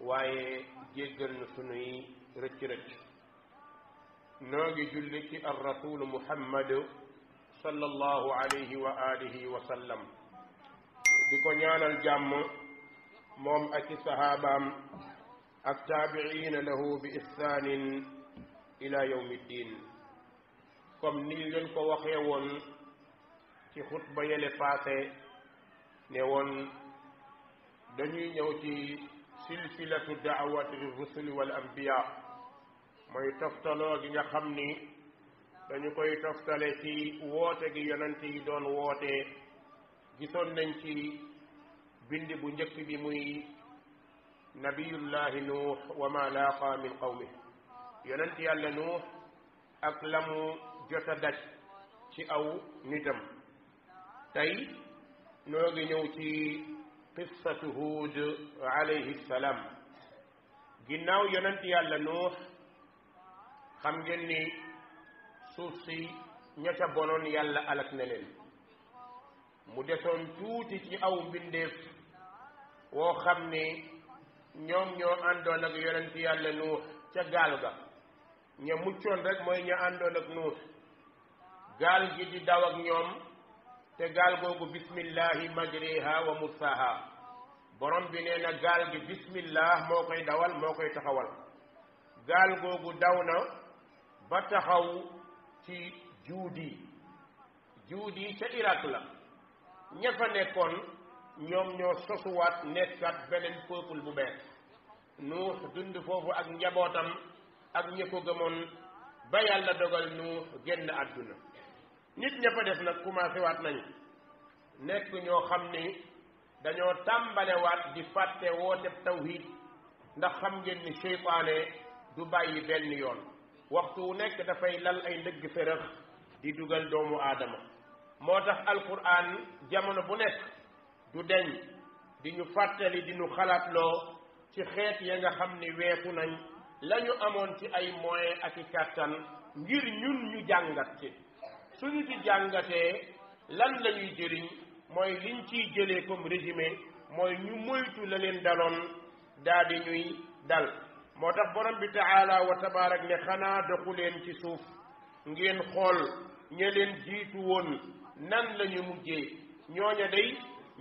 waaye jéggal na sunuy rëcc rëcc noo ngi julli ci ar rasulu muhammadu sallallahu alayhi wa alihi wa sallam di ko ñaanal jàmm moom ak i sahabaam ak taabiina lahu bi ihsanin ila yawmi ddin comme ni leen ko waxee woon ci xutba yele passé ne woon dañuy ñëw ci silsilatu daawati rusuli wal anbiya mooy toftaloo gi nga xam ni dañu koy toftale ci woote gi yonent yi doon wootee gisoon nañ ci bind bu njëkk bi muy nabiyullahi nuux wa ma laaqa min qawmi yonent yàlla nuux ak la mu jot a daj ci aw nitam tey noo ngi ñëw ci qissatu huud alayhi salaam ginnaaw yonent yàlla nuux xam ngeen ni suuf si ña ca bonoon yàlla alak ne leen mu desoon tuuti ci aw mbindeef woo xam ni ñoom ñoo àndoon ak yonent yàlla nuux ca gaal ga ña muccoon rek mooy ña àndoon ak nuux gaal gi di daw ak ñoom te gaal googu bismillahi majriha wa mursaha borom bi nee na gaal gi bismillah moo koy dawal moo koy taxawal gaal googu daw na ba taxaw ci juudi juudi ca Irak la ña fa nekkoon ñoom ñoo sosuwaat nekkaat beneen peuple bu bees nuux dund foofu ak njabootam ak ña ko gëmoon ba yàlla dogal nuux génn àdduna nit ña fa def nag commencé waat nañu nekk ñoo xam ni dañoo tàmbalewaat di fàtte woote tawhid ndax xam ngeen ni seytaane du bàyyi benn yoon waxtu wu nekk dafay lal ay ndëgg fërëx di dugal doomu aadama moo tax alquran jamono bu nekk du deñ di ñu fàttali di ñu xalaatloo ci xeet ya nga xam ni weesu nañ lañu amoon ci ay moye ak i kàttan ngir ñun ñu jàngat ci suñu ci jàngatee lan lañuy ñuy mooy liñ ciy jëlee comme résumé mooy ñu moytu la leen daloon daa ñuy dal moo tax borom bi taala wa tabaarak ne xanaa doxu leen ci suuf ngeen xool ña leen jiitu woon nan la ñu mujjee ñooña day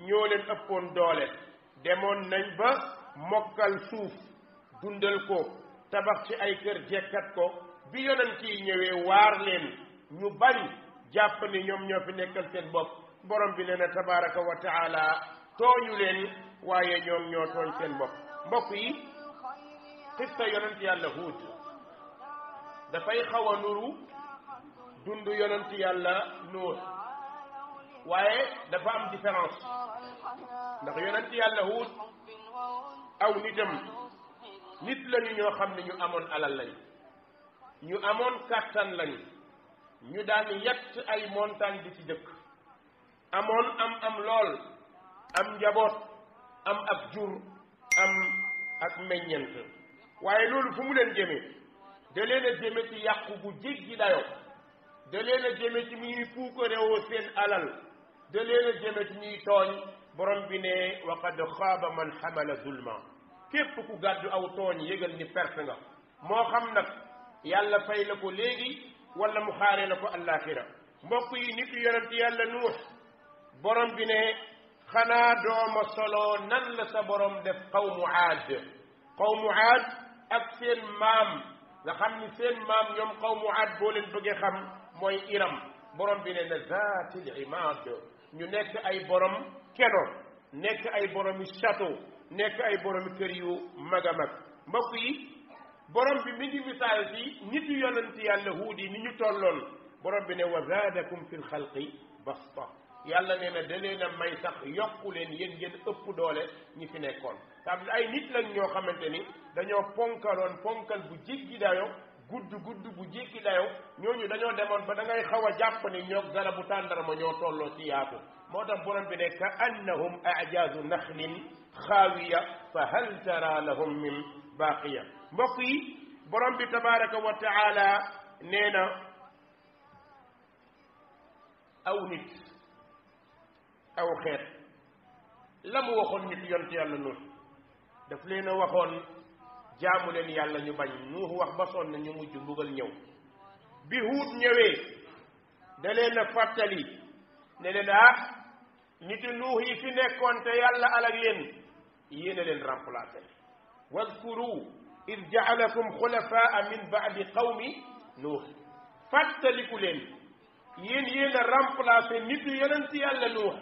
ñoo leen ëppoon doole demoon nañ ba mokkal suuf dundal ko tabax ci ay kër jekkat ko bi yonent yi ñëwee waar leen ñu bari jàpp ni ñoom ñoo fi nekkal seen bopp borom bi nee na tabaraka wa taala tooñu leen waaye ñoom ñoo tooñ seen bopp mbokk yi xista yonent yàlla huud dafay xaw a nuru dund yonent yàlla nuux waaye dafa am différence ndax yonent yàlla huud aw nitam nit lañu ñoo xam ne ñu amoon alal lañu ñu amoon kàttan lañu ñu daan yett ay montagne di ci dëkk amoon am am lool am njaboot am ab jur am ak meññent waaye loolu fu mu leen jëme da leen a jëme ci yàqu gu jéggi dayo da leen a jëme ci muy puukarewoo seen alal da leen a jëme ci ñuy tooñ borom bi ne wa qad xaaba man xamala zulma képp ku gàddu aw tooñ yëgal ni perte nga moo xam nag yàlla fay la ko léegi wala mu xaaree la ko àllaaxira mbokk yi nit yonent yàlla nuux borom bi ne xanaa dooma solo nan la sa borom def qawmu aad qawmu aad ak seen maam nga xam ni seen maam ñoom qawmu aad boo leen bëgge xam mooy iram borom bi ne na zaatil imaad ñu nekk ay borom keno nekk ay boromi château nekk ay boromi kër yu mag a mag mbokk yi borom bi mi ngi misaal ci nit yu yonent yàlla huud ni ñu tolloon borom bi ne wa zaadakum fi lxalqi basta yàlla nee na da leen a may sax yokku leen yéen ngeen ëpp doole ñi fi nekkoon tam ay nit lañ ñoo xamante ni dañoo ponkaloon ponkal bu jéggi dayo gudd gudd bu jéggi dayo ñooñu dañoo demoon ba da ngay xaw a jàpp ni ñoog dara bu tàndarma ñoo tolloo ci yaatu moo tax borom bi ne ka annahum ajaazu naxlin xaawiya fa hal tara lahum min baaqiya mbokk yi borom bi tabaraka wa taala nee na aw nit aw xeet la mu waxoon nit yont yàlla nuux daf leen a waxoon jaamu leen yàlla ñu bañ nuux wax ba sonn ñu mujj mbugal ñëw bi huut ñëwee da leen a fàttali ne leen ah niti nuux yi fi nekkoon te yàlla alag leen yéen a leen remplacé wadkuru إذ جعلكم خلفاء من بعد قوم نوح فاتلكوا لين ين يين رامبلاس نيتو يونتي يالا نوح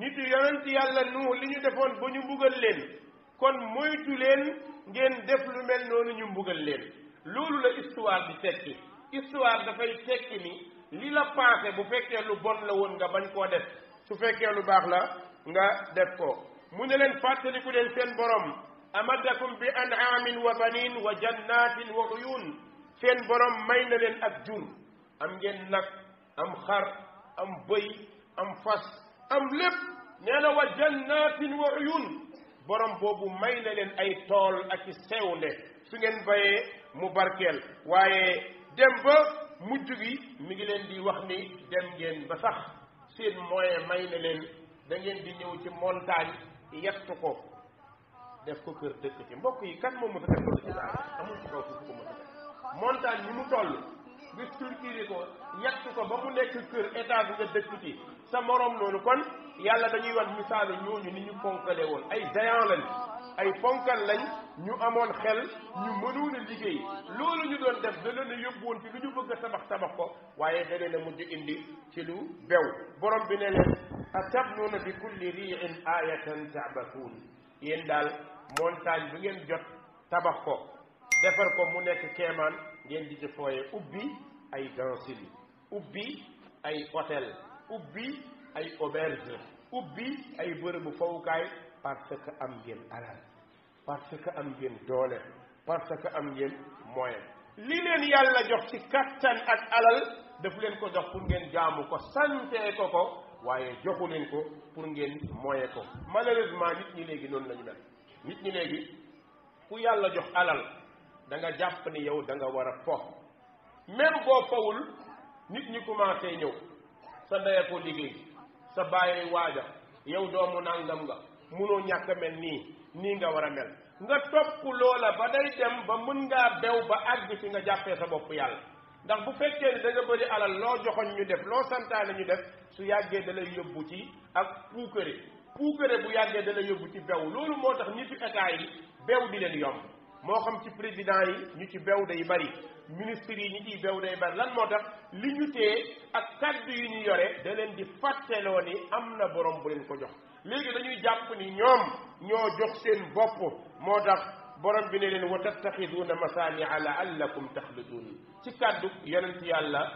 نيتو يونتي يالا نوح لي ني ديفون بو ني مبوغال لين كون مويتو لين نين ديف لو مل نونو ني مبوغال لين لولو لا استوار دي تيك استوار دا فاي تيك ني لي لا باسي بو فكيه لو بون لا وون غا بان كو ديف سو فكيه لو باخ لا غا ديف كو مو ني لين فاتلكوا لين سين بوروم أمدكم بأنعام وبنين وجنات وعيون فين برم مين لين أبجون أم جنك أم خر أم بي أم فس أم لب نيلا وجنات وعيون برم بوبو مين لين أي طول أكي سيولة سنين باي مباركيل واي دمبا مجري مجلين دي وخني دمجين بسخ سين موية مين لين دنجين دي نيوتي مونتاني يكتوكو def ko kër dëkk ci mbokk yi kan moom mësa def loolu ci daara amul ci kaw suuf ko mësa def montagne yi mu toll nga turkiri ko yàq ko ba mu nekk kër étage nga dëkk ci sa morom noonu kon yàlla dañuy wan misaale ñooñu ni ñu fonkale woon ay géant lañ ay fonkal lañ ñu amoon xel ñu mënoon a liggéey loolu ñu doon def da leen a yóbbuwoon ci lu ñu bëgg a tabax tabax ko waaye da leen a mujj indi ci lu bew borom bi ne leen atabnuuna bi kulli riin ayatan tabasuun yéen daal montagne bu ngeen jot tabax ko defar ko mu nekk keemaan ngeen di ci fooye ubbi ay danserie ubbi ay hôtel ubbi ay auberge ubbi ay bërëbu fowukaay parce que am ngeen alal parce que am ngeen doole parce que am ngeen moyen li leen yàlla jox ci kattan ak alal daf leen ko jox pour ngeen jaamu ko santee ko ko waaye joxu leen ko pour ngeen moye ko malheureusement nit ñi léegi noonu la ñu nit ñi léegi ku yàlla jox alal danga jàpp ni yow danga war a fo même boo fowul nit ñi commencé ñëw sa ndey a ko liggéey sa bàyyi waaja yow doomu nàngam nga mënoo ñàkk mel nii nii nga war a mel nga topp loola ba day dem ba mën ngaa bew ba àgg ci nga jàppee sa bopp yàlla ndax bu fekkee ni da nga bëri alal loo joxoñ ñu def loo santaane ñu def su yàggee da lay yóbbu ci ak puukëri puukare bu yàggee dana yóbbu ci bew loolu moo tax nitu état yi bew di leen yomb moo xam ci président yi ñu ci bew day bari ministre yi ñu ciy bew day bari lan moo tax li ñu téye ak kàddu yu ñu yore da leen di fàtteloo ni am na borom bu leen ko jox léegi dañuy jàpp ni ñoom ñoo jox seen bopp moo tax borom bi ne leen wa tattaxiduuna ala allakum taxluduun ci kàddu yonent yàlla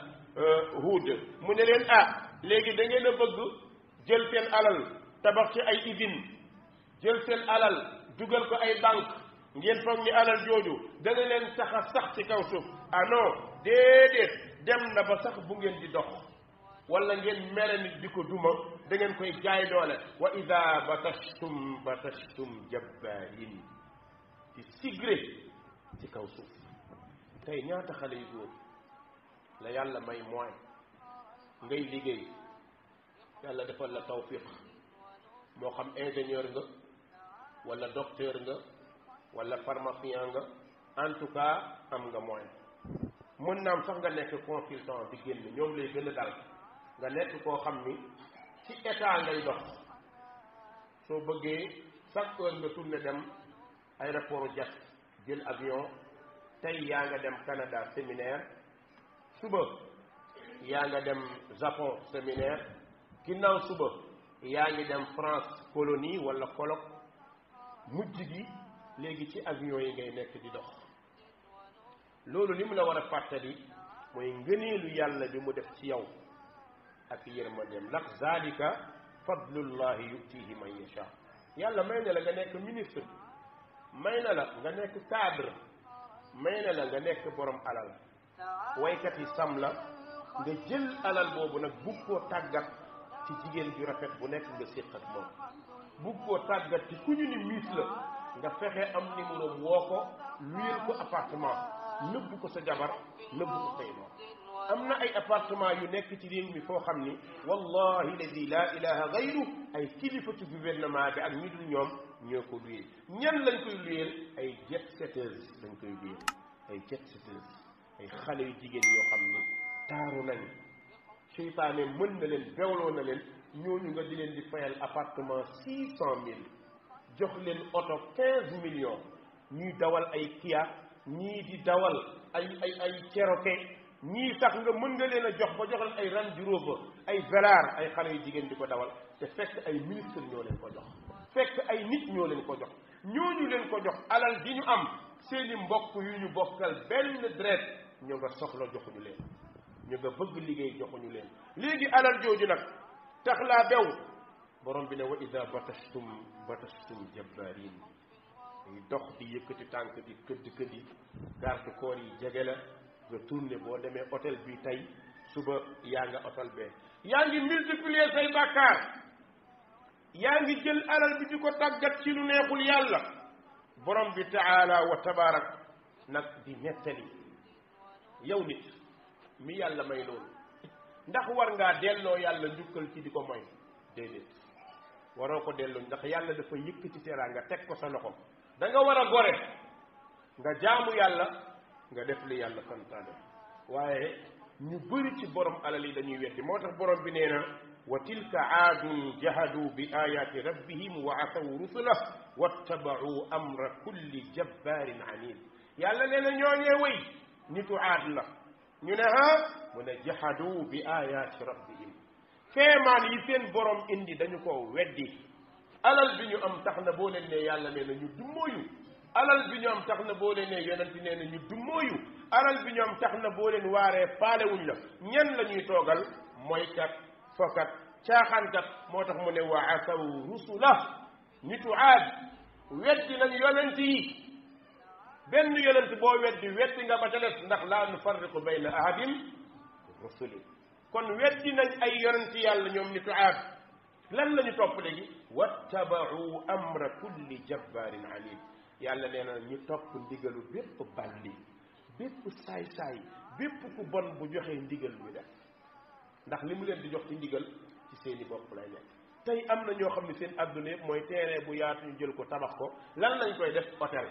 huud mu ne leen ah léegi da ngeen a bëgg jël seen alal tabax ci ay usine jël seen alal dugal ko ay banque ngeen foog ni alal jooju dana leen sax a sax ci kaw suuf ah non déedéet dem na ba sax bu ngeen di dox wala ngeen mere nit di ko duma da ngeen koy jaay doole wa ida batashtum batashtum jabbaarin ci sigré ci kaw suuf tey ñaata xale yu góor la yàlla may mooy ngay liggéey yàlla defal la tawfiq moo xam ingénieur nga wala docteur nga walla pharmacien nga en tout cas am nga moyen mën am sax nga nekk consultant di génn ñoom lay gën a dal nga nekk koo xam ni ci état ngay dox soo bëggee chaque heure nga tourné dem aéroport jet jël avion tey yaa nga dem Canada séminaire suba yaa nga dem Japon séminaire ginnaaw suba yaa ngi dem France colonie walla colloque mujj gi léegi ci avion yi ngay nekk di dox loolu li mu la war a fàttali mooy ngëneelu yàlla bi mu def ci yow ak yërmandeem ndax zalika fadlullahi yutihi man yasha yàlla may na la nga nekk ministre may na la nga nekk cadre may na la nga nekk borom alal waykat yi sam la nga jël alal boobu nag bug koo tàggat ci jigéen ju rafet bu nekk nga séq ak moom bu ko tàggat ci ku ñu ni miis la nga fexe am numéro woo ko luyel ko appartement nëbbu ko sa jabar nëbbu ko say doom am na ay appartement yu nekk ci réew mi foo xam ni wallahi ladi laa ilaha gayru ay kilifa ci gouvernement bi ak ñu dul ñoom ñoo ko luyeel ñan lañ koy luyeel ay jet setters lañ koy luyeel ay jet setters ay xale yu jigéen yoo xam ni taaru nañ seytaane mën na leen bewloo na leen ñu nga di leen di fayal appartement six cent mille jox leen oto million millions ñuy dawal ay Kia ñii di dawal ay ay ay Cherokee ñii sax nga mën nga leen a jox ba jox leen ay Range Rover ay Velar ay xale yu jigéen di ko dawal te fekk ay ministre ñoo leen ko jox fekk ay nit ñoo leen ko jox ñu leen ko jox alal di ñu am seeni mbokk yu ñu bokkal benn deret ñoo nga soxla joxuñu leen ñu nga bëgg liggéey joxuñu leen léegi alal jooju nag tax laa bew borom bi ne wa ida batastum batastum jabbarin yi dox di yëkkati tànk di këdd këddi garde corps yi jege la nga tourné boo demee hôtel bi tey suba yaa nga hôtel bee yaa ngi multiplier say bàkkaar yaa ngi jël alal bi di ko tàggat ci lu neexul yàlla borom bi taala wa tabaarak nag di nettali yow nit mi yàlla may loolu ndax war ngaa delloo yàlla njukkal ci di ko moy déedéet waroo ko delloo ndax yàlla dafa yëkkati nga teg ko sa loxo da war a gore nga jaamu yàlla nga def li yàlla santaane waaye ñu bëri ci borom alal yi dañuy weddi moo tax borom bi nee na wa tilka aadun jahadu bi ayaati rabbihim wa asaw rusula wattabau amra kulli jabbaarin anid yàlla nee na ñooñee wéy nitu aad la ñu ne ah mu ne jahadu bi ayaati rabbihim kéemaan yi seen borom indi dañu ko weddi alal bi ñu am tax na boo leen ne yàlla nee na ñu dummóoyu alal bi ñu am tax na boo leen ne yonent nee na ñu dummóoyu alal bi ñu am tax na boo leen waaree faalewuñ la ñen la ñuy toogal moykat fokat caaxaankat moo tax mu ne wa asaw rusula nitu aad weddi nañ yonent yi benn yonent boo weddi weddi nga ba ca des ndax laa nufarriqu bayna ahadin rusuli kon weddi nañ ay yonent yàlla ñoom nitu aad lan la ñu topp léegi wattabau amra kulli jabbarin alim yàlla nee ñu topp ndigalu bépp bàlli bépp saay-saay bépp ku bon bu joxe ndigal ñu def ndax li mu leen di jox ci ndigal ci seeni bopp lay nekk tey am na ñoo xam ne seen àdduna mooy terrain bu yaatu ñu jël ko tabax ko lan lañ koy def hôtel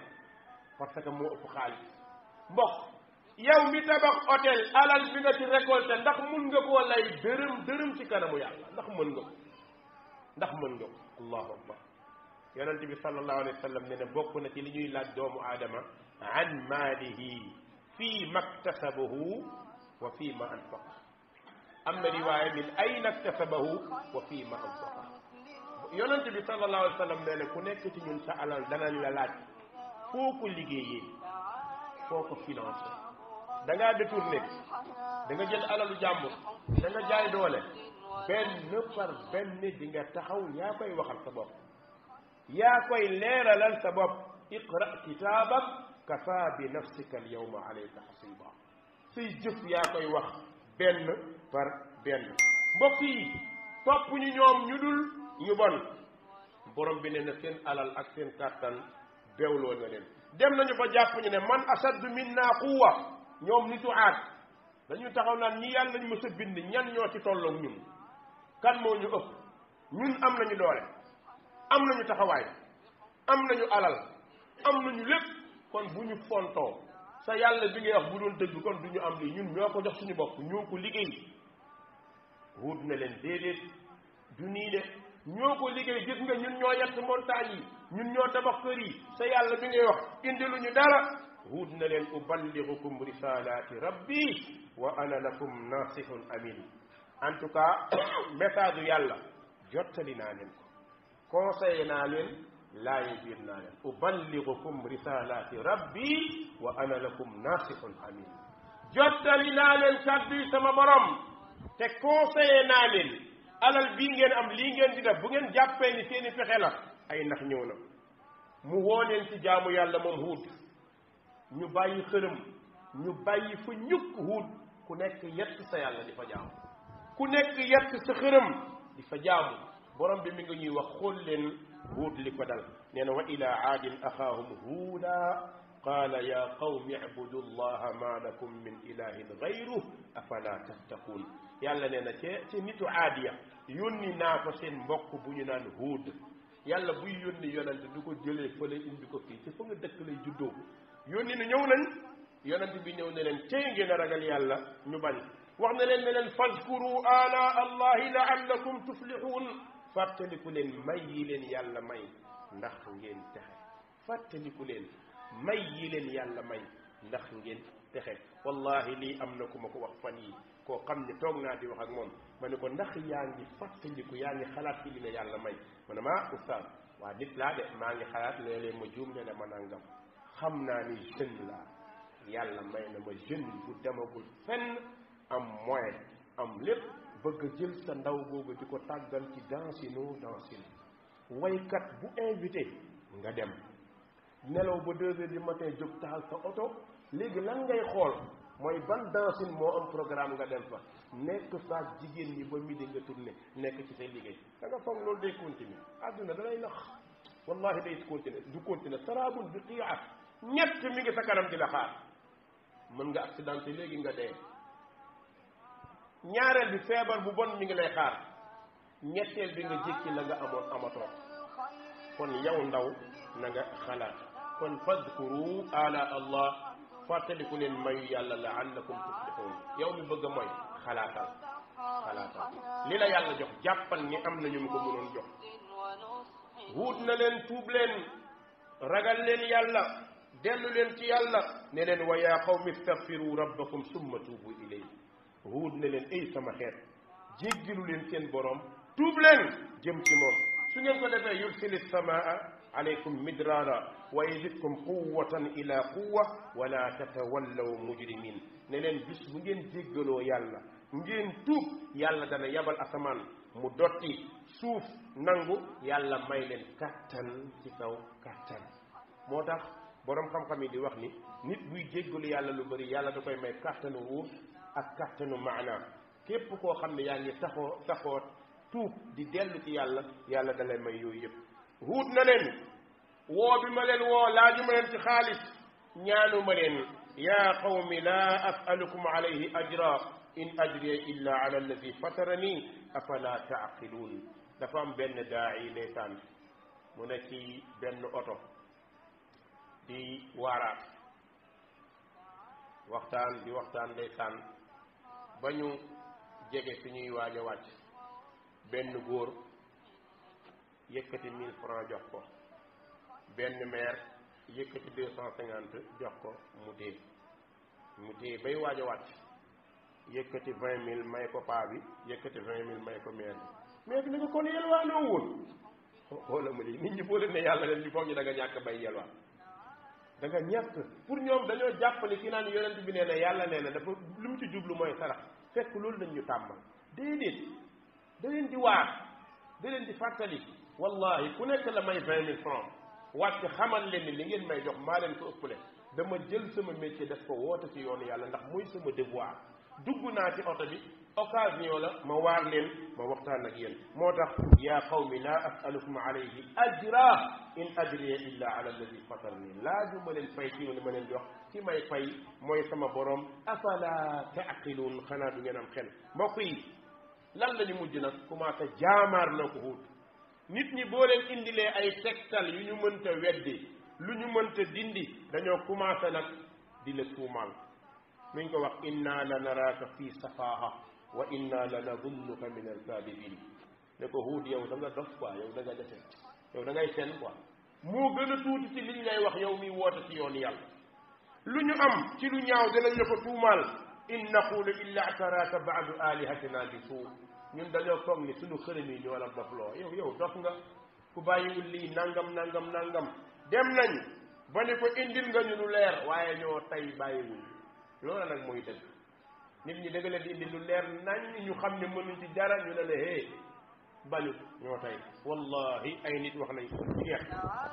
parce que moo ëpp xaalis mbokk yow mi tabax hôtel alal bi nga ci récolté ndax mun nga koo lay dërëm dërëm ci kanamu yàlla ndax mën nga ko ndax mën nga ko allahu akbar yonente bi sallallahu alayhi wa sallam ne ne bokk na ci li ñuy laaj doomu aadama an maalihi fii maktasabahu wa fii ma anfaqa am na riwaaya min ayna aktasabahu wa fii ma anfaqa yonente bi sallallahu alayhi wa sallam ne ne ku nekk ci ñun sa alal danañ la laaj foo ko liggéeyee foo ko financé da ngaa détourné da jël alalu jàmbur da nga jaay doole benn par benn di nga taxaw yaa koy waxal sa bopp yaa koy leeralal sa bopp iqra kitaabak kafa bi nafsika al yawma alayka hasiba say jëf yaa koy wax benn par benn mbokk yi ñu ñoom ñu dul ñu bon borom bi ne na seen alal ak seen kàttan beewloo na leen dem nañu ba jàpp ñu ne man asaddu minna quwwa ñoom nitu aat dañuy taxaw naan ñi yàlla ñu mës a bind ñan ñoo ci tolloog ñun kan moo ñu ëpp ñun am nañu doole am nañu taxawaay am nañu alal am nañu lépp kon bu ñu fontoo sa yàlla bi ngay wax bu doon dëgg kon du ñu am lii ñun ñoo ko jox suñu bopp ñoo ko liggéey wut na leen déedéet du nii de ñu ko liggéey gis nga ñun ñoo yett montagne yi ñun ñoo tabax kër yi sa yàlla bi ngay wax dara huud na leen uballighukum risalati rabbi wa ana lakum nasihun amin en tout cas message yàlla jottali naa leen ko conseillé naa leen laaye biir naa leen uballighukum risalati rabbi wa ana lakum nasihun amin jottali naa leen kàddu yi sama borom te conseillé naa leen alal bi ngeen am li ngeen di def bu ngeen jàppee ni seeni fexe la ay nax ñëw na mu woo leen ci jaamu yàlla moom huut ñu bàyyi xërëm ñu bàyyi fa ñukk huut ku nekk yett sa yàlla di fa jaamu ku nekk yett sa xërëm di fa jaamu borom bi mi nga ñuy wax xool leen huut li ko dal nee na wa ila aadin axaahum huuda قال يا قوم اعبدوا الله ما لكم من إله غيره أفلا تتقون yàlla neena ci ci nitu adiya yónni na ko seen mbokk bu ñu naan hud yàlla buy yónni yonent du ko jëlé fële indi ko fi ci fa nga dëkk lay juddo yónni na ñëw lañ yonent bi ñëw neen tey ngeen a ragal yàlla ñu bañ wax na leen ne fazkuru ala allahi laallakum tuflihun fàttaliku leen may yi leen yàlla may ndax ngeen texe fàttaliku leen may yi leen yàlla may ndax ngeen taxé والله لي أملكم كو وقفني كو قمن تونا دي وحاق مون من يكون نخي يانج فتح اللي كو يانج خلاص اللي نيان لماي من ما أستاذ وعدت لا دي ما يانج خلاص ليلي مجوم لنا من أنجم خمنا ني جن لا يان لماي نما جن قدام أقول فن أم موين أم لب بغ جل سنداو بوغ جيكو تاقل كي دانسي نو دانسي نو ويكات بو انفيتي نغا دم نلو بو دوزي دي متين جوكتال سا أوتو léegi lan ngay xool mooy ban dansin moo am programme nga dem fa nekk fa jigéen ñi ba midi nga tourné nekk ci say liggéey da nga foog loolu day continuer àdduna da lay nax wallahi day continuer du continuer sarabun bi qiia ñett mi ngi sa kanam di la xaar mën nga accidenté léegi nga dee ñaareel bi feebar bu bon mu ngi lay xaar ñetteel bi nga jékki la nga amoon amatoo kon yow ndaw na nga xalaat kon fadkuru ala allah fàttaliku leen mayu yàlla la àllakum tuflixuun yow mi bëgg a mooy xalaatal xalaatal li la yàlla jox jàppal ni am na ñu ko mënoon jox wuut na leen tuub leen ragal leen yàlla dellu leen ci yàlla ne leen wa yaa qawmi istaghfiru rabbakum summa tuubu ilayhi wuut na leen ay sama xeet jéggilu leen seen borom tuub leen jëm ci moom su ngeen ko defee yursilis samaa عليكم مدرارا ويزدكم قوة إلى قوة ولا تتولوا مجرمين نلين بس مجين جيجلو يالا مجين توب يالا دانا يبال أسمان مدوتي سوف نانغو يالا مايلين كاتن تكاو كاتن موتاخ borom xam-xam yi di wax ni nit buy jéggalu yàlla lu bëri yàlla da koy may kàttanu wuur ak kàttanu maana képp koo xam ne yaa ngi taxoo taxoo tuub di dellu ci yàlla yàlla da lay may yooyu yëpp huut na leen woo bi ma leen woo laajuma leen ci xaalis ñaanuma leen yaa qawmi laa asalukum alayhi ajra in ajriya illa ala alladi fatarani afala taaqiluun dafa am benn daayi ndeysaan mu ne ci benn oto di waaraat waxtaan di waxtaan ndeysaan ba ñu jege fi ñuy waaj a wàcc benn góor yëkkati mille francs jox ko benn maire yëkkati deux cent cinquante jox ko mu téye mu téye bay waaj a wàcc yëkkati vingt mille may ko paa bi yëkkati vingt mille may ko maire mais bi ni ko kon yelwaanoo woon xoola ma lii nit ñi boo ne yàlla leen di foog ñu da nga ñàkk bay yelwaan da nga ñàkk pour ñoom dañoo jàpp ni ki naan yonent bi nee na yàlla nee na dafa lu mu ci jublu mooy sarax fekk loolu nañ ñu tàmbal déedéet da di waar da di fàttali wallahi ku nekk la may vingt mille francs wàcc xamal leen ni li ngeen may jox maa leen ko ëppale dama jël sama métier def ko woote ci yoonu yàlla ndax mooy sama devoir dugg naa ci oto bi occasion la ma waar leen ma waxtaan ak yéen moo tax yaa qawmi laa asalukum alayhi ajra in ajriya illa ala alladi fatarani laaju ma leen fay ci li ma leen jox ci may fay mooy sama borom afala taaqiluun xanaa du ngeen am xel mbokk yi lan la ñu mujj nag commencé jaamaar loo ko huut nit ñi boo leen indilee ay sectal yu ñu mënta weddi lu ñu mënta dindi dañoo commencé nag di la tuumaal mi ngi ko wax inna la naraaka fi safaha wa inna la nadunnuka min al alkaadibin ne ko huud yow da nga dof quoi yow da nga defe yow da ngay seen quoi moo gën a tuuti ci liñ lay wax yow mi woote ci yoon yàlla lu ñu am ci lu ñaaw danañ la ko tuumaal in naqulu illa ataraaka baadu alihatina bi suu ñun dañoo foog ni suñu xërëm yi ñoo la dof loo yow yow dof nga ku bàyyiwul lii nangam nangam nangam dem nañ ba ni ko indil nga ñu lu leer waaye ñoo tey bàyyiwul loola nag mooy dëgg nit ñi dëgg di indi lu leer nañ ñu xam ne mënuñ ci dara ñu ne la hee بل نوتاي والله أي نيت وخنا يسوع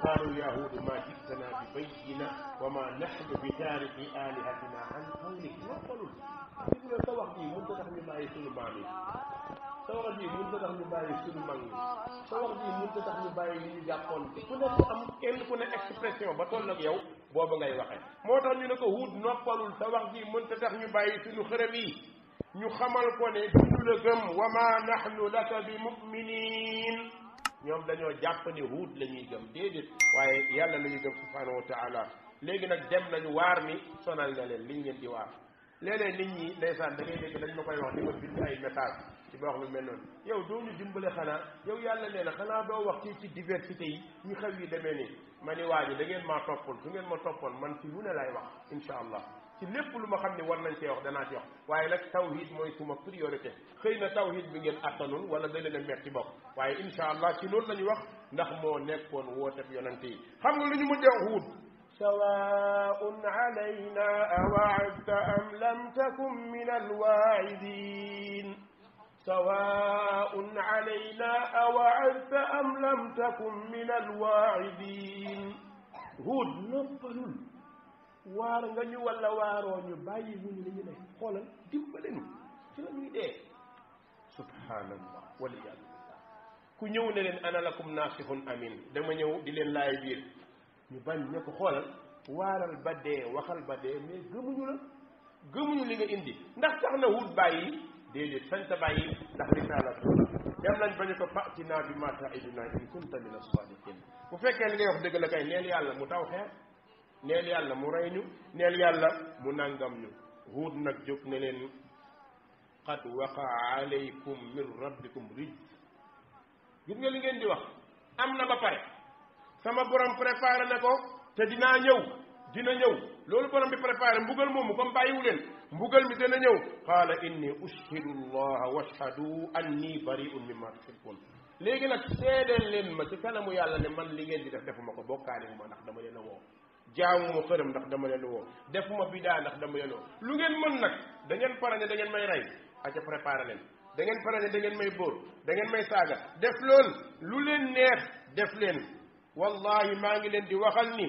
قالوا يهود ما جئتنا ببينة وما نحن بتارك آلهتنا عن قولك وقلوا يقول توقع دي من تدخل ما يسوع مامي توقع دي من تدخل ما يسوع مامي توقع دي من تدخل ما يسوع جابون كنا أم كن كنا expression بطل لك يو بابا غاي وخي موتان ñu ne ko hud noppalul sa wax ji mën ta tax ñu bàyyi suñu xërëm yi ñu xamal ko ne dundu la gëm wa ma nahnu laka bi muminin ñoom dañoo jàpp ne huut la ñuy gëm déedéet waaye yàlla la ñuy gëm subhanahu wa taala léegi nag dem nañu waar mi sonal na leen liñ leen di waar léeg-léeg nit ñi ndeysaan da ngay dégg dañ ma koy wax di ma bind ay message ci boo xam lu mel noonu yow doo ñu dimbale xanaa yow yàlla nee na xanaa doo wax ci ci diversité yi ñu xew yi demee nii ma ni waa ji da ngeen maa toppoon su ngeen ma toppoon man ci lu ne lay wax incha allah ci lépp lu ma xamni war nañ ci wax dana ci wax waye nak tawhid moy suma priorité xeyna tawhid bi ngeen atanul wala da leen metti bok waye inshallah ci lool la wax ndax mo nekkoon wote yonenti xam nga luñu mujjé mujjee wax wut سواء علينا أوعدت أم لم تكن من الواعدين سواء علينا أوعدت أم لم تكن من الواعدين هود نبل waar nga ñu walla waaroo ñu bàyyi wuñu li ñu ne xoolal dimbale ñu ci la ñuy dee subhanallah waliyadu billah ku ñëw ne leen ana lakum naasihun amin dama ñëw di leen laay biir ñu bañ ne xoolal waaral ba dee waxal ba dee mais gëmuñu la gëmuñu li nga indi ndax tax na wut bàyyi déedéet sant bàyyi ndax risaala dem lañ bañu ko fàttinaa bi ma taiduna in kunta min as bu fekkee li ngay wax dëgg la kay neel yàlla mu taw xeer neel yàlla mu rey ñu neel yàlla mu nangam ñu huut nag jóg ne leen qad waqaa alaykum min rabbikum rij gis nga li ngeen di wax am na ba pare sama borom préparé na ko te dinaa ñëw dina ñëw loolu borom bi préparé mbugal mu comme bàyyiwu leen mbugal mi dana ñëw qaala inni ushhidu allaha washhadu anni bari'un mimma tushrikun léegi nag seedeel leen ma ci kanamu yàlla ne man li ngeen di def defuma ko bokkaale ma ndax dama leen a woo jaamuma xërëm ndax dama leen woo defuma bidaa ndax dama leen woo lu ngeen mën nag da ngeen pare ne da ngeen may rey aca préparé leen da ngeen pare ne da ngeen may bóor da ngeen may saaga def lool lu leen neex def leen wallahi maa ngi leen di waxal ni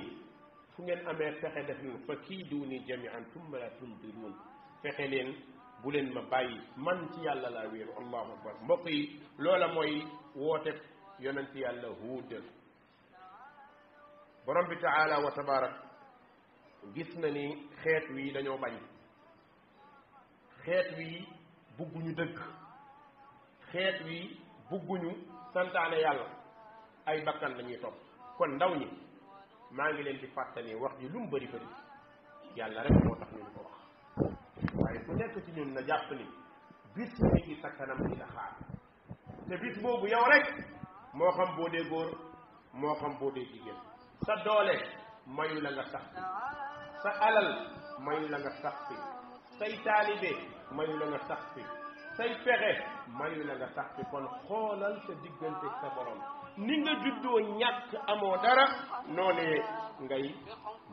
fu ngeen amee fexe def leen fa kii duuni jamian tumma la tundiruun fexe leen bu leen ma bàyyi man ci yàlla laa wéeru allahu akbar mbokk yi loola mooy woote ci yàlla huud borom bi taala wa gis na ni xeet wi dañoo bañ xeet wi bugguñu dëgg xeet wi bugguñu santaane yàlla ay bakkan lañuy ñuy topp kon ndaw ñi maa ngi leen di fàttali wax ji lu mu bëri bëri yàlla rek moo tax ñu ko wax waaye ku nekk ci ñun na jàpp ni bis mi ngi sa kanam di la xaar te bis boobu yow rek moo xam boo dee góor moo xam boo dee jigéen sa doole mayu la nga sax sa alal mayu la nga sax fi say talibé mayu la nga sax fi say pexe mayu la nga sax fi kon xolal sa digënté sa borom ni nga juddo ñak amo dara noné ngay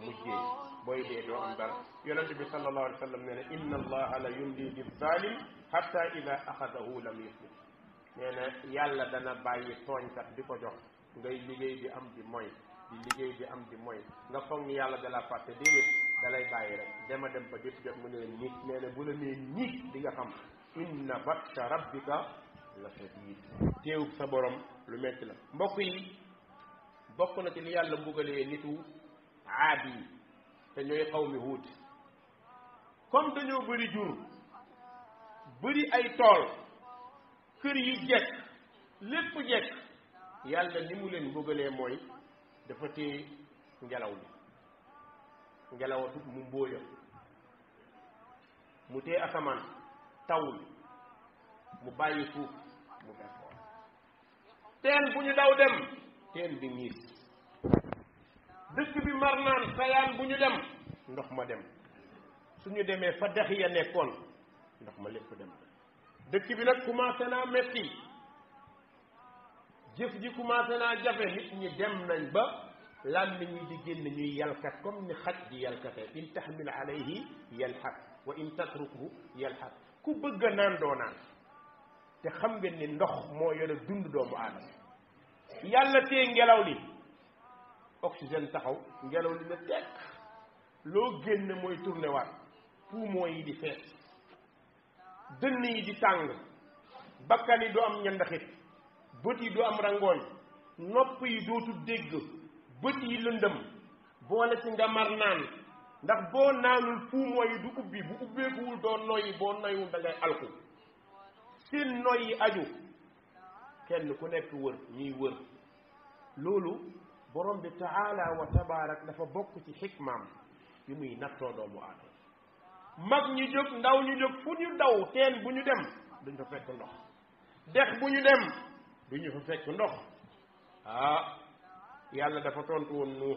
mujjé boy dé do am dara yaronte bi sallallahu alayhi wasallam sallam inna allah la yundi bi zalim hatta ida akhadahu lam yuslim nee yàlla dana bàyyi tooñkat di diko jox ngay liggéey di am di moy di liggéey di am di mooy nga foog yàlla dalaa fàtte déedéet dalay bàyyi rek dema dem ba gis jot mu ne leen nit nee na bu la nee nit di nga xam inna batsha rabbika la sadid téewub sa borom lu metti la mbokk yi bokk na ci li yàlla mbugalee nitu aad yi te ñooy xaw mi huut comme dañoo bëri jur bëri ay tool kër yi jekk lépp jekk yàlla ni mu leen mbugalee mooy dafa téye ngelaw li ngelawatu mu mbóoya mu téye asamaan tawul mu bàyyi suuf mu berkoor teen bu ñu daw dem teen bi ñiis dëkk bi mar sayaan bu ñu dem ndox ma dem su ñu demee fa dex ya nekkoon ndox ma lépp dem dëkk bi nag commencé naa metti jëf ji commencé naa jafe nit ñi dem nañ ba làmmiñ ñi di génn ñuy yalkat comme ni xaj di yalkate in tahmil alayhi yalhaq wa in tatruku yalhaq ku bëgg a naan doo naan te xam nga ni ndox moo yore dund doomu aadama yàlla tee ngelaw li oxygène taxaw ngelaw li na tekk loo génn mooy tourné waat poumon yi di fees dënn yi di tàng bakkan yi du am ñandaxit bët yi du am rangooñ nopp yi dootu dégg bët yi lëndëm boole ci nga mar naan ndax boo naanul fuumoo yi du ubbi bu ubbeekuwul doo noyyi boo noyyiwul da ngay alku seen noyyi aju kenn ku nekk wër ñuy wër loolu borom bi taala wa tabaarak dafa bokk ci xikmaam yi muy nattoo doomu aadama mag ñu jóg ndaw ñu jóg fu ñu daw teen bu ñu dem duñ fa fekk ndox dex bu ñu dem du ñu fa fekk ndox ah yàlla dafa tontu woon nu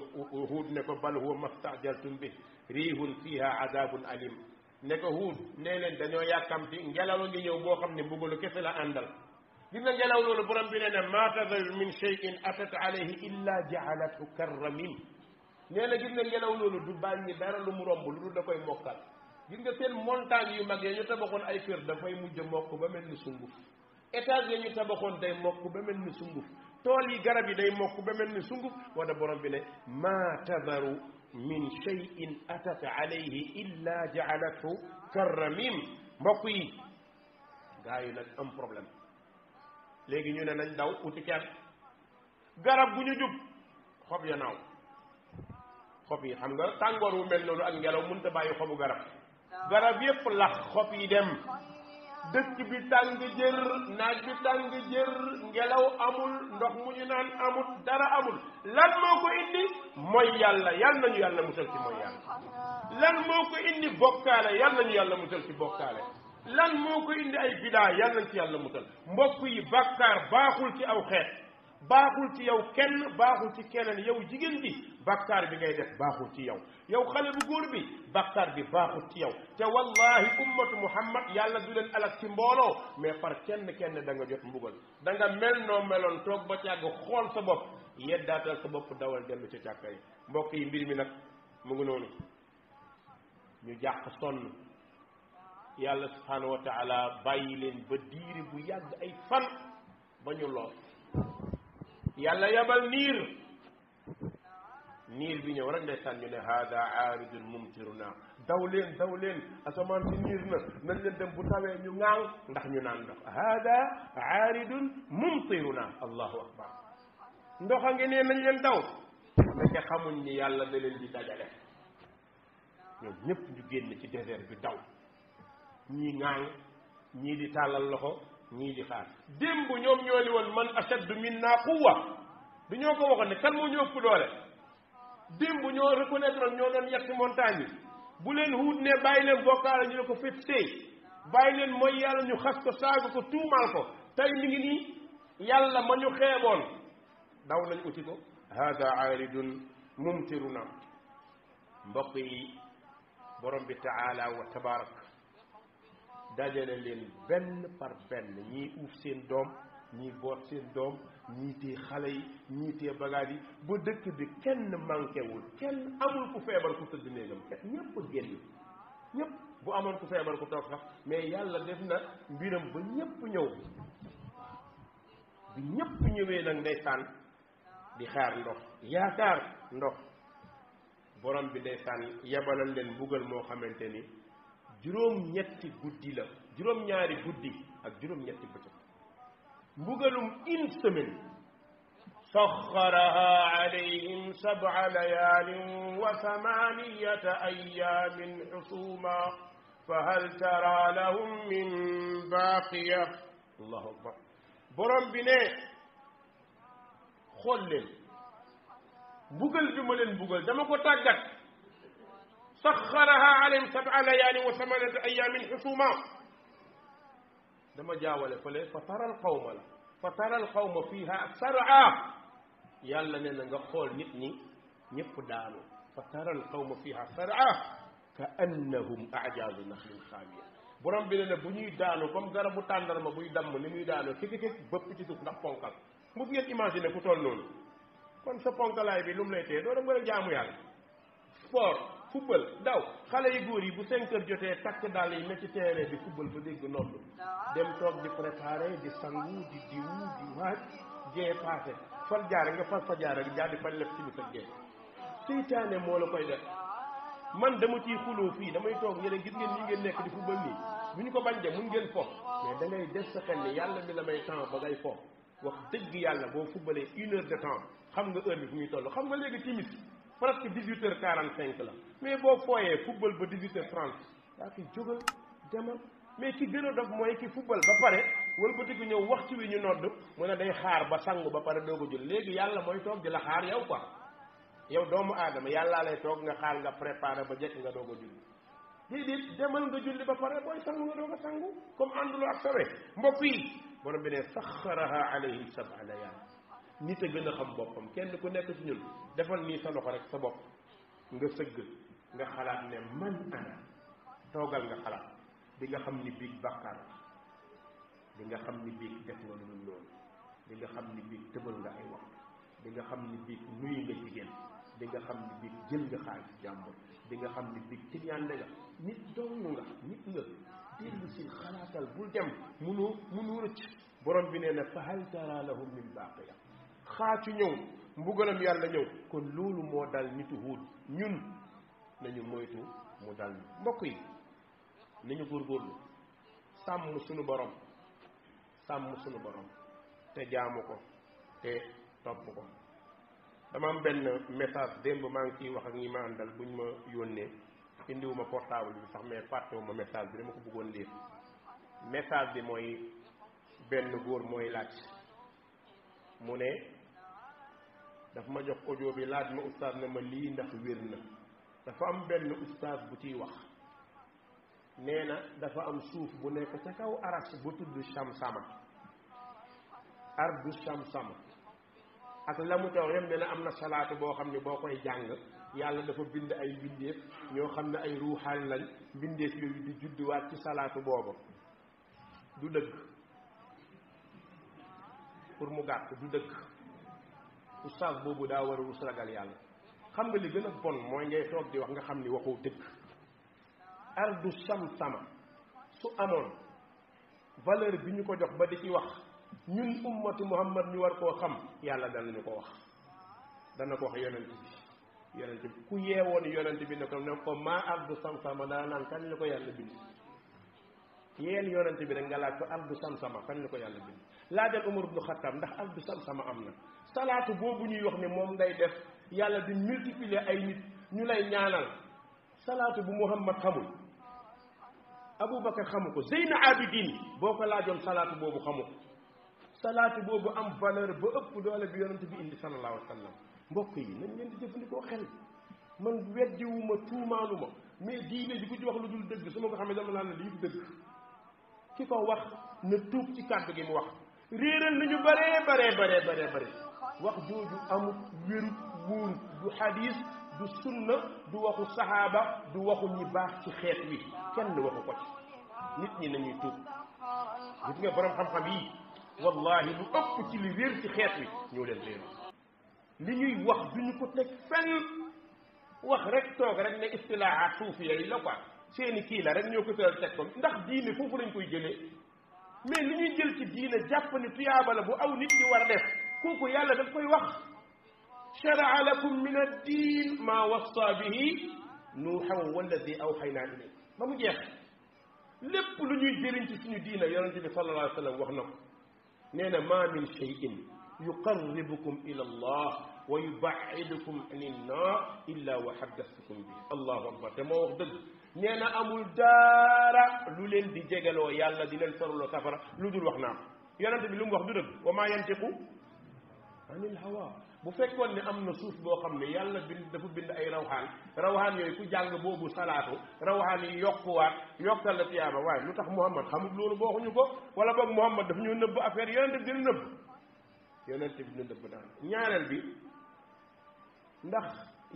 huud ne ko bal huwa mastaajaltum bi riihun fiha adabun alim ne ko huud nee leen dañoo yàkkamti ngelaw ngi ñëw boo xam ne mbugalu kese la àndal gis na ngelaw loolu borom bi nee na ma tadar min cheyin atat alayhi illa jaalathu karramin nee na gis na ngelaw loolu du bàyyi dara lu mu romb lu dul da koy mokkal gis nga seen montagne yu mag ya ñu tabaxoon ay kër dafay mujj mokk ba mel ni sunguf étage ya ñu tabaxoon day mokk ba mel ni sunguf tool yi garab yi day mokk ba mel ni sunguf wala borom bi ne maa tadaru min cheyin atat alayhi illa jaalathu karramim mbokk yi gaa yi nag am problème léegi ñu ne nañ daw uti kenn garab gu ñu jub xob ya naaw xob yi xam nga tàngoor wu mel noonu ak ngelaw mënta bàyyi xobu garab garab yépp lax xob yi dem dëkk bi tàng jër naaj bi tàng jër ngelaw amul ndox mu ñu naan amul dara amul lan moo ko indi mooy yàlla yal nañu yàlla musal ci mooy yàlla lan moo ko indi bokkaale yal nañu yàlla musal ci bokkaale lan moo ko indi ay bidaa yal nañ ci yàlla musal mbokk yi bàkkaar baaxul ci aw xeet baaxul ci yow kenn baaxul ci keneen yow jigéen bi bàkkaar bi ngay def baaxul ci yow yow xale bu góor bi bàkkaar bi baaxul ci yow te wallahi ummatu muhammad yàlla du leen alak ci mbooloo mais par kenn kenn da nga jot mbugal da nga mel noo meloon toog ba càgg xool sa bopp yeddaatal sa bopp dawal dellu ca càkka yi mbokk yi mbir mi nag mu ngi noonu ñu jàq sonn yàlla subhanahu wa bàyyi leen ba diire bu yàgg ay fan ba ñu lool yàlla yabal niir niir bi ñëw rek ndeysaan ñu ne hada aaridun mumtiruna daw leen daw leen asamaan si niir na nañ leen dem bu tawee ñu ŋaaŋ ndax ñu naan ndox hada aaridun mumtiruna allahu akbar ndox a ngi ne nañ leen daw ndeke xamuñ ni yàlla da leen di dajale ñoom ñëpp ñu génn ci désert bi daw ñii ŋaaŋ ñii di tàllal loxo ñii di xaar démb ñoom ñoo li man man ashaddu minna quwwa du ñoo ko waxoon ne kan moo ñu ëpp doole démb ñoo reconnaître ñoo doon yàq montagne bu leen huut ne bàyyi leen bokkaale ñu ne ko fépp seey leen mooy yàlla ñu xas ko saaga ko tuumaal ko tey mi ngi nii yàlla ma ñu xeeboon daw nañ uti ko hada aaridun mumtiruna mbokk yi borom bi taala wa tabarak dajale leen benn par benn ñii uuf seen doom ñii boot seen doom ñii tee xale yi ñii tee bagages yi ba dëkk bi kenn manqué kenn amul ku feebar ku tëdd néegam kenn ñëpp ñëpp bu amoon ku feebar ku toog sax mais yàlla def na mbiram ba ñëpp ñëw bi ñëpp ñëwee nag ndeysaan di xaar ndox yaakaar ndox borom bi sànn yabalal leen mbugal moo xamante ni juróom ñetti guddi la juróom ñaari guddi ak juróom ñetti bëccëg mbugalum une semaine saxaraha alayhim sab'a layaalin wa thamaniyata ayaamin xusuuma fa hal tara lahum min baaqiya allahu akbar borom bi ne xool leen mbugal bi ma leen mbugal dama ko tàggat سخرها عليهم سبع ليال وثمانية أيام حسوما لما جاول فلي فترى القوم لا فترى القوم فيها سرعا يلا نينا خول نيت ني ñepp daanu فترى القوم فيها سرعا كأنهم أعجاز نخل خاوية borom bi ne ne bu ñuy daanu comme garabu tàndarma buy damm ni muy daanu kikikik bëpp ci suuf ndax ponkal mos ngeen imaginer ku toll noonu kon sa ponkalaay bi lu mu lay téye doo dem nga jaamu yàlla sport football daw xale yu góor yi bu cinq heures jotee takk dàll yi ne ci terrain bi football ba dégg nodd dem toog di préparer di sangu di diwu di waaj gee paase far jaare nga far fa jaare jaar di bañ la ci bis ak gee seytaane moo la koy def man dama ciy xuloo fii damay toog yéen gis ngeen ñi ngeen nekk di football nii bu ñu ko bañ de mun ngeen foo mais da ngay def sa xel ni yàlla mi la may temps ba ngay fof wax dëgg yàlla boo footballee une heure de temps xam nga heure toll xam nga léegi timis presque dix huit heures quarante cinq la mais boo fooyee football ba dix huit heures trente jógal demal mais ki gën a dof mooy ki football ba pare wëlbatiku ñëw waxtu wi ñu nodd mu ne day xaar ba sangu ba pare doog ko jël léegi yàlla mooy toog di la xaar yow quoi yow doomu aadama yàllaa lay toog nga xaar nga préparé ba jekk nga doog a julli déedéet demal nga julli ba pare booy sangu nga doog a sangu comme ànduloo ak sawe mbokk yi borom bi ne saxaraha alayhi nit a gën a xam boppam kenn ku nekk ci ñun defal nii sa loxo rek sa bopp nga sëgg nga xalaat ne man ana toogal nga xalaat di nga xam ni biig bàkkaar di nga xam ni biig def nga lu dul loolu di nga xam ni biig tëbal nga ay wax di nga xam ni biig nuyu nga jigéen di nga xam ni biig jël nga xaalis jàmbur di nga xam ni biig tiñaan na nga nit dong nga nit nga dégg si xalaatal bul dem munu munu rëcc borom bi nee na fa hal tara lahum min baaqiya xaacu ñëw mbugalam yàlla ñëw kon loolu moo dal nitu huud ñun nañu moytu mu dal mbokk yi ñu nañu góorgóorlu sàmm suñu borom sàmm suñu borom te jaamu ko te topp ko dama am benn message démb maa ngi ciy wax ak ñi ma bu ñu ma yónnee indiwuma portable bi sax mais ma message bi dama ko bëggoon lire message bi mooy benn góor mooy laaj mu ne dafa ma jox audio bi laaj ma ustaas ne ma lii ndax wér na dafa am benn ustaas bu ciy wax nee na dafa am suuf bu nekk ca kaw aras bu tudd Shamsama ardu Shamsama ak la mu taw yem ne na am na salaatu boo xam ne boo koy jàng yàlla dafa bind ay mbindeef ñoo xam ne ay ruuxaan lañ mbindeef yooyu di judduwaat ci salaatu boobu du dëgg pour mu gàtt du dëgg oustaz boobu daa war a rus ragal yàlla xam nga li gën a bon mooy ngay toog di wax nga xam ni waxoo dëgg ardu sama su amoon valeur bi ñu ko jox ba di ci wax ñun ummatu muhammad ñu war koo xam yàlla dana ñu ko wax dana ko wax yonent bi yonent bi ku yeewoon yonent bi ne ko ne ko maa ardu sama daa naan kan la ko yàlla bind yeen yonent bi rek nga laaj ko ardu sama kan la ko yàlla bind laajal umar ibnu xattab ndax ardu samsama am na salaatu boobu ñuy wax ne moom day def yàlla di multiplier ay nit ñu lay ñaanal salaatu bu muhammad xamul aboubacar xamu ko zeyna abidin boo ko laajoon salaatu boobu xamu ko salaatu boobu am valeur ba ëpp doole bi yonent bi indi sallallahu alayhi wa sallam mbokk yi nañ leen di jëfandikoo xel man weddiwuma tuumaanuma mais diine di ku ci wax lu dul dëgg su ma ko xamee dama naan ne lii du dëgg ki ko wax na tuub ci kàddu gi mu wax réeral nañu bare bare bare bare bare wax jooju amul wéru wóoru du xadis du sunna du waxu sahaaba du waxu ñi baax ci xeet wi kenn waxu ko ci nit ñi nañuy tuub gis nga borom xam-xam yi wallahi lu ëpp ci li réer ci xeet wi ñoo leen réeru li ñuy wax duñu ko teg fenn wax rek toog rek ne istilaaxaat suufiya yi la quoi seeni kii la rek ñoo ko tëral teg ko ndax diine foofu lañ koy jëlee mais li ñuy jël ci diine jàpp ni tuyaaba la bu aw nit ñi war def كوكو يالا داك كوي واخ شرع لكم من الدين ما وصى به نوح والذي اوحينا اليه ما مجيخ لب لو نيو جيرين تي سونو دينا يونس بي صلى الله عليه وسلم واخنا نينا ما من شيء يقربكم الى الله ويبعدكم عن النار الا وحدثتكم به الله اكبر تما واخ دغ نينا امول دارا لو لين دي جيغالو يالا دي لين سورلو سفر لودول واخنا يونس بي لوم واخ دو وما ينطق anil hawa bu fekkoon ne am na suuf boo xam ne yàlla bind dafa bind ay rawxaan rawxaan yooyu ku jàng boobu salaatu rawxaan yi yokkuwaat yokkal la tiyaaba waaye lu tax muhammad xamul loolu booxuñu ko wala boog muhammad dafa ñu nëbb affaire yonente bi dina nëbb yonente bi dina nëbb daan ñaareel bi ndax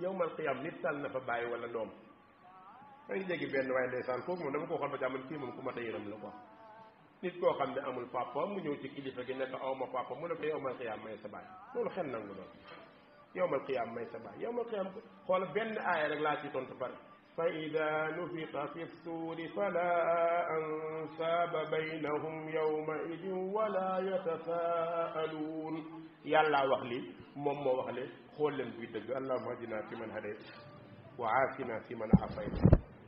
yowmal qiyam nit tal na fa bàyyi wala doom da ngi jéggi benn waaye ndeysaan kooku moom dama ko xool ba jàmmal kii moom ku ma ta yëram la quoi nit koo xam ne amul papa mu ñëw ci kilifa gi ne ko aw ma papa mu ne ko yowmal xiyaam may sa baay loolu xel nangu loolu yowmal xiyaam may sa baay yowmal xiyaam xoola benn aaya rek laa ci tontu pare fa ida nufiqa fi suuri fala ansaaba baynahum yowma idin wala yatasaaluun yàlla wax li moom moo wax le xool leen buy dëgg allahuma hadina fi man hadayt wa aafina fi man aafayt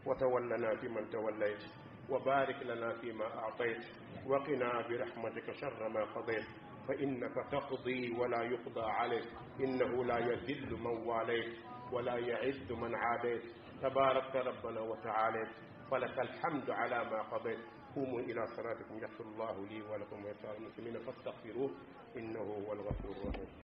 wa tawallana fi man tawallayt وبارك لنا فيما أعطيت وقنا برحمتك شر ما قضيت فإنك تقضي ولا يقضى عليك إنه لا يذل من واليت ولا يعز من عاديت تبارك ربنا وتعاليت فلك الحمد على ما قضيت قوموا إلى صلاتكم يغفر الله لي ولكم ويسأل المسلمين فاستغفروه إنه هو الغفور الرحيم